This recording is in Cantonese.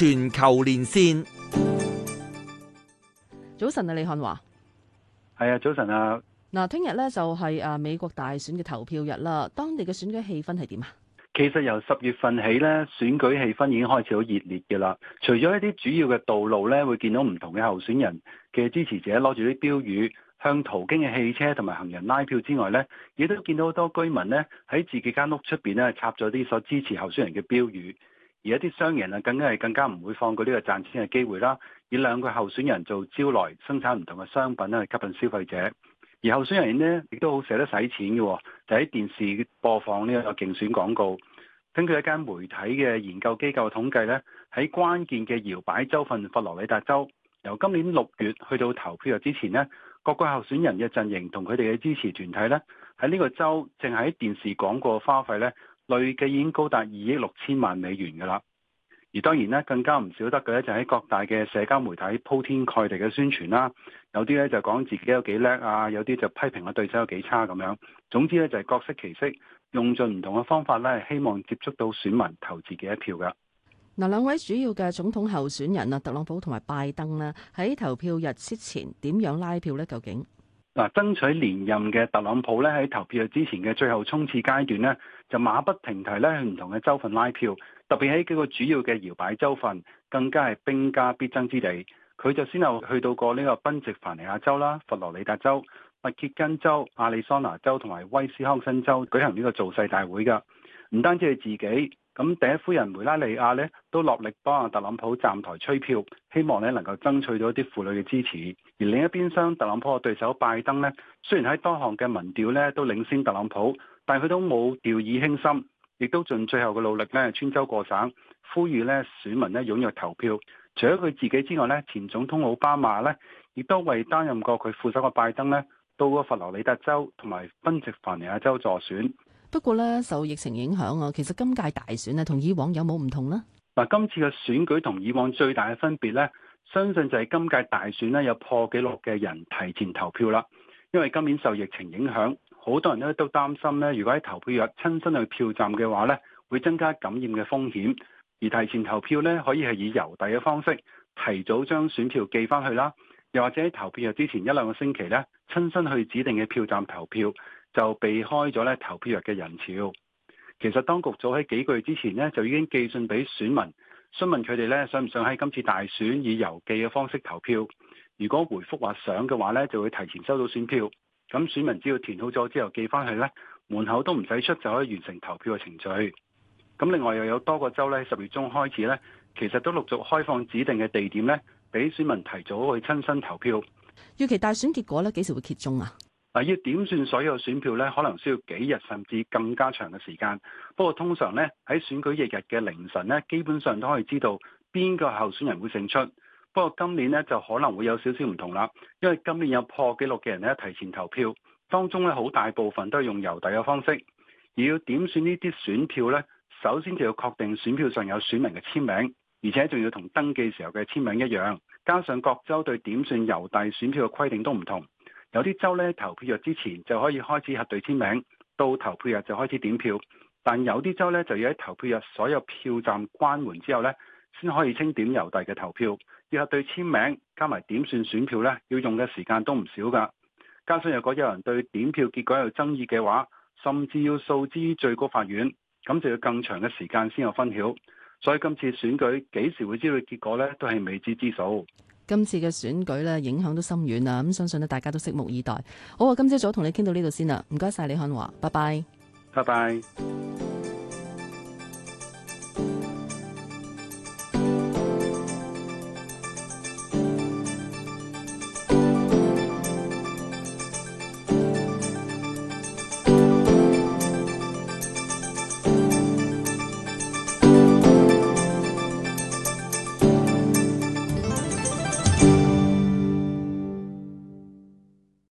全球連線，早晨啊，李漢華，係啊，早晨啊，嗱，聽日咧就係啊美國大選嘅投票日啦，當地嘅選舉氣氛係點啊？其實由十月份起咧，選舉氣氛已經開始好熱烈嘅啦。除咗一啲主要嘅道路咧，會見到唔同嘅候選人嘅支持者攞住啲標語向途經嘅汽車同埋行人拉票之外咧，亦都見到好多居民咧喺自己間屋出邊咧插咗啲所支持候選人嘅標語。而一啲商人啊，更加係更加唔會放過呢個賺錢嘅機會啦！以兩個候選人做招徠，生產唔同嘅商品咧，去吸引消費者。而候選人呢亦都好捨得使錢嘅，哦，就喺、是、電視播放呢個競選廣告。根據一間媒體嘅研究機構統計呢，喺關鍵嘅搖擺州份佛羅里達州，由今年六月去到投票日之前呢，各個候選人嘅陣營同佢哋嘅支持團體呢，喺呢個州淨喺電視廣告花費呢，累計嘅已經高達二億六千萬美元噶啦，而當然呢，更加唔少得嘅就喺各大嘅社交媒體鋪天蓋地嘅宣傳啦，有啲咧就講自己有幾叻啊，有啲就批評個對手有幾差咁樣，總之咧就係各式其式，用盡唔同嘅方法咧，係希望接觸到選民投自己一票噶。嗱，兩位主要嘅總統候選人啊，特朗普同埋拜登呢，喺投票日之前點樣拉票呢？究竟？嗱，爭取連任嘅特朗普咧，喺投票之前嘅最後衝刺階段呢，就馬不停蹄咧，去唔同嘅州份拉票，特別喺幾個主要嘅搖擺州份更加係兵家必爭之地。佢就先後去到過呢個賓夕凡尼亞州啦、佛羅里達州、密歇根州、亞利桑那州同埋威斯康辛州舉行呢個造勢大會㗎。唔單止係自己。咁第一夫人梅拉尼亞呢都落力幫特朗普站台吹票，希望呢能夠爭取到一啲婦女嘅支持。而另一邊廂，特朗普嘅對手拜登呢，雖然喺多項嘅民調呢都領先特朗普，但佢都冇掉以輕心，亦都盡最後嘅努力呢穿州過省，呼籲呢選民呢踴躍投票。除咗佢自己之外呢，前總統奧巴馬呢亦都為擔任過佢副手嘅拜登呢，到過佛羅里達州同埋賓夕凡尼亞州助選。不過咧，受疫情影響啊，其實今屆大選啊，同以往有冇唔同呢？嗱，今次嘅選舉同以往最大嘅分別咧，相信就係今屆大選呢，有破紀錄嘅人提前投票啦。因為今年受疫情影響，好多人咧都擔心咧，如果喺投票日親身去票站嘅話咧，會增加感染嘅風險。而提前投票咧，可以係以郵遞嘅方式提早將選票寄翻去啦。又或者喺投票日之前一兩個星期咧，親身去指定嘅票站投票。就避開咗咧投票日嘅人潮。其實當局早喺幾個月之前呢，就已經寄信俾選民，詢問佢哋咧想唔想喺今次大選以郵寄嘅方式投票。如果回覆話想嘅話咧，就會提前收到選票。咁選民只要填好咗之後寄翻去咧，門口都唔使出就可以完成投票嘅程序。咁另外又有多個州咧，十月中開始咧，其實都陸續開放指定嘅地點咧，俾選民提早去親身投票。預期大選結果咧幾時會揭盅啊？嗱，要點算所有選票咧，可能需要幾日甚至更加長嘅時間。不過通常咧，喺選舉翌日嘅凌晨咧，基本上都可以知道邊個候選人會勝出。不過今年呢，就可能會有少少唔同啦，因為今年有破紀錄嘅人咧提前投票，當中咧好大部分都係用郵遞嘅方式。而要點算呢啲選票咧，首先就要確定選票上有選民嘅簽名，而且仲要同登記時候嘅簽名一樣。加上各州對點算郵遞選票嘅規定都唔同。有啲州咧，投票日之前就可以開始核對簽名，到投票日就開始點票。但有啲州咧，就要喺投票日所有票站關門之後咧，先可以清點郵遞嘅投票，要核對簽名加埋點算選票咧，要用嘅時間都唔少噶。加上若果有人對點票結果有爭議嘅話，甚至要訴之最高法院，咁就要更長嘅時間先有分曉，所以今次選舉幾時會知道結果咧，都係未知之數。今次嘅選舉咧，影響都深遠啦，咁、嗯、相信咧大家都拭目以待。好啊，今朝早同你傾到呢度先啦，唔該晒。李漢華，拜拜，拜拜。